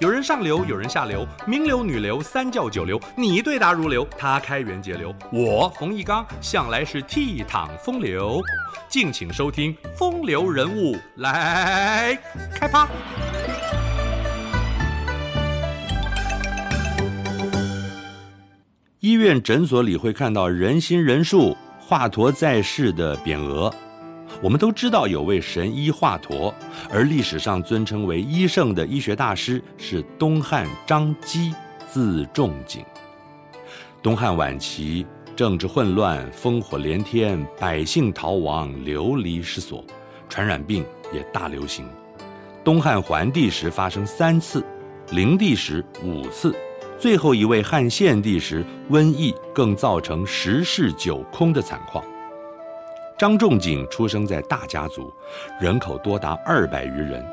有人上流，有人下流，名流、女流、三教九流，你對答如流，他開源節流，我馮翊綱向來是倜儻風流，敬請收聽《風流人物》來開趴。醫院診所裡會看到仁心仁術“仁心仁術，華佗在世”的匾額。我們都知道有位神醫華佗，而歷史上尊稱為醫聖的醫學大師是東漢張機，字仲景。東漢晚期，政治混亂，烽火連天，百姓逃亡，流離失所，傳染病也大流行。東漢桓帝時發生三次，靈帝時五次，最後一位漢獻帝時瘟疫，更造成十室九空的慘況。張仲景出生在大家族，人口多達二百餘人。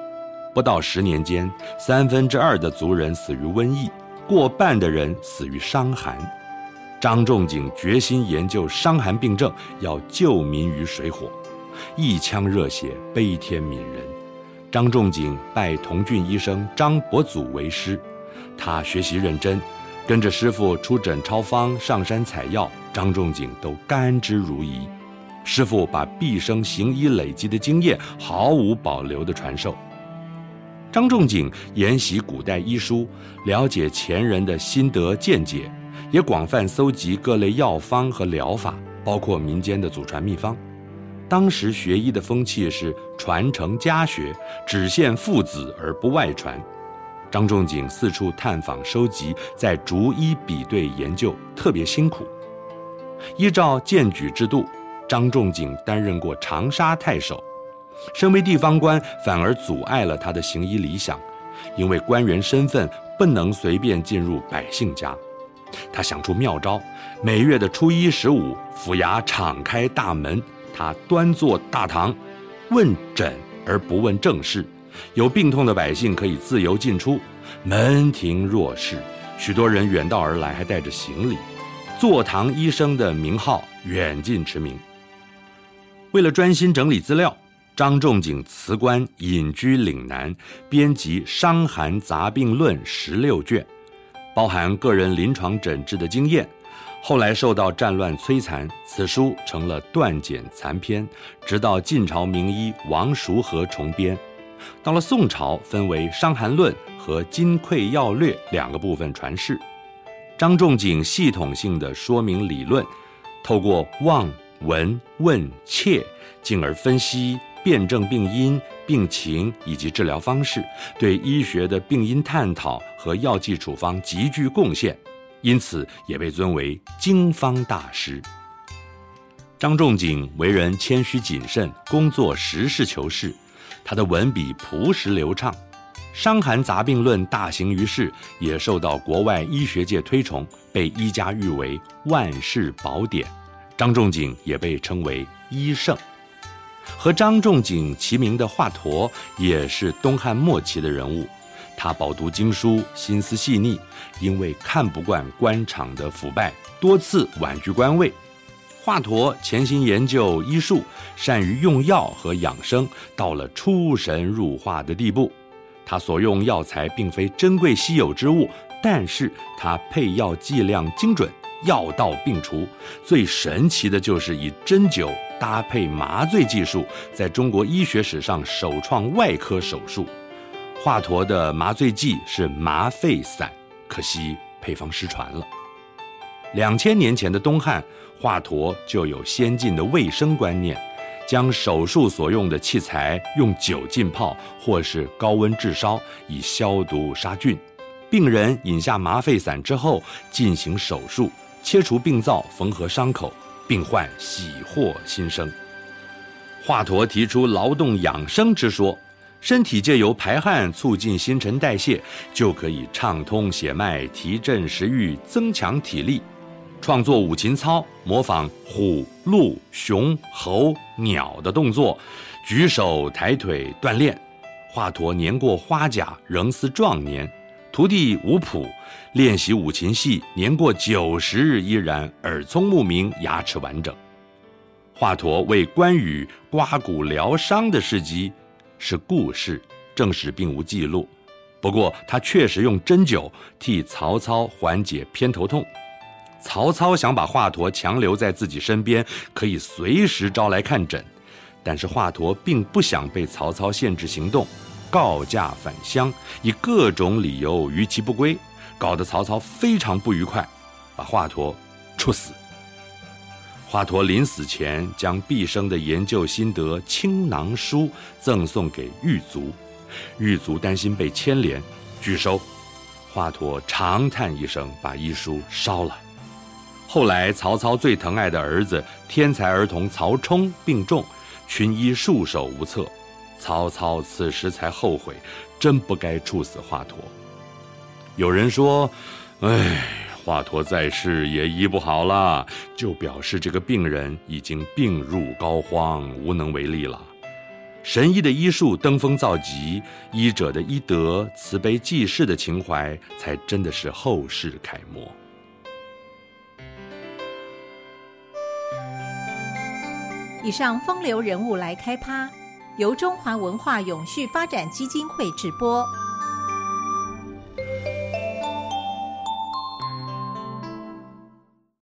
不到十年間，三分之二的族人死於瘟疫，過半的人死於傷寒。張仲景決心研究傷寒病症，要救民於水火，一腔熱血，悲天憫人。張仲景拜同郡醫生張伯祖為師，他學習認真，跟着師傅出診、抄方、上山採藥，張仲景都甘之如饴。師父把畢生行醫累積的經驗毫無保留地傳授。張仲景研習古代醫書，了解前人的心得見解，也廣泛搜集各類藥方和療法，包括民間的祖傳秘方。當時學醫的風氣是傳承家學，只限父子而不外傳。張仲景四處探訪收集，再逐一比對研究，特別辛苦。依照薦舉制度。張仲景擔任過長沙太守，身為地方官反而阻礙了他的行醫理想，因為官員身份不能隨便進入百姓家。他想出妙招，每月的初一、十五，府衙敞開大門，他端坐大堂，問診而不問政事。有病痛的百姓可以自由進出，門庭若市，許多人遠道而來，還帶着行李。坐堂醫生的名號遠近馳名。為了專心整理資料，張仲景辭官隱居嶺南，編輯《傷寒雜病論》十六卷，包含個人臨床診治的經驗。後來受到戰亂摧殘，此書成了斷簡殘篇。直到晉朝名醫王叔和重編，到了宋朝，分為《傷寒論》和《金匱要略》兩個部分傳世。張仲景系統性的說明理論，透過望聞問切，進而分析辨證病因、病情以及治療方式，對醫學的病因探討和藥劑處方極具貢獻，因此也被尊為經方大師。張仲景為人謙虛謹慎，工作實事求是，他的文筆樸實流暢，《傷寒雜病論》大行於世，也受到國外醫學界推崇，被醫家譽為萬世寶典。張仲景也被稱為醫聖，和張仲景齊名的華佗也是東漢末期的人物。他飽讀經書，心思細膩，因為看不慣官場的腐敗，多次婉拒官位。華佗潛心研究醫術，善於用藥和養生，到了出神入化的地步。他所用藥材並非珍貴稀有之物，但是他配藥劑量精準。藥到病除，最神奇的就是以針灸搭配麻醉技術，在中國醫學史上首創外科手術。華佗的麻醉劑是麻沸散，可惜配方失傳了。兩千年前的東漢，華佗就有先進的衛生觀念，將手術所用的器材用酒浸泡，或是高溫炙燒，以消毒殺菌。病人飲下麻沸散之後，進行手術。切除病灶，縫合傷口，病患喜獲新生。華佗提出勞動養生之說，身體借由排汗促進新陳代謝，就可以暢通血脈，提振食慾，增強體力。創作五禽操，模仿虎、鹿、熊、猴、鳥的動作，舉手抬腿鍛鍊。華佗年過花甲，仍似壯年。徒弟吳普練習五禽戲，年過九十日依然耳聰目明，牙齒完整。華佗為關羽刮骨療傷的事跡是故事，正史並無記錄。不過他確實用針灸替曹操緩解偏頭痛。曹操想把華佗強留在自己身邊，可以隨時招來看診，但是華佗並不想被曹操限制行動。告假返鄉，以各種理由逾期不歸，搞得曹操非常不愉快，把華佗處死。華佗臨死前將畢生的研究心得《青囊書》贈送給獄卒，獄卒擔心被牽連，拒收。華佗長嘆一聲，把醫書燒了。後來，曹操最疼愛的兒子天才兒童曹沖病重，群醫束手無策。曹操，操此時才後悔，真不該處死華佗。有人說：“哎，華佗在世也醫不好了，就表示這個病人已經病入膏肓，無能為力了。”神醫的醫術登峰造極，醫者的醫德、慈悲濟世的情懷，才真的是後世楷模。以上風流人物來開趴。由中華文化永續發展基金會直播。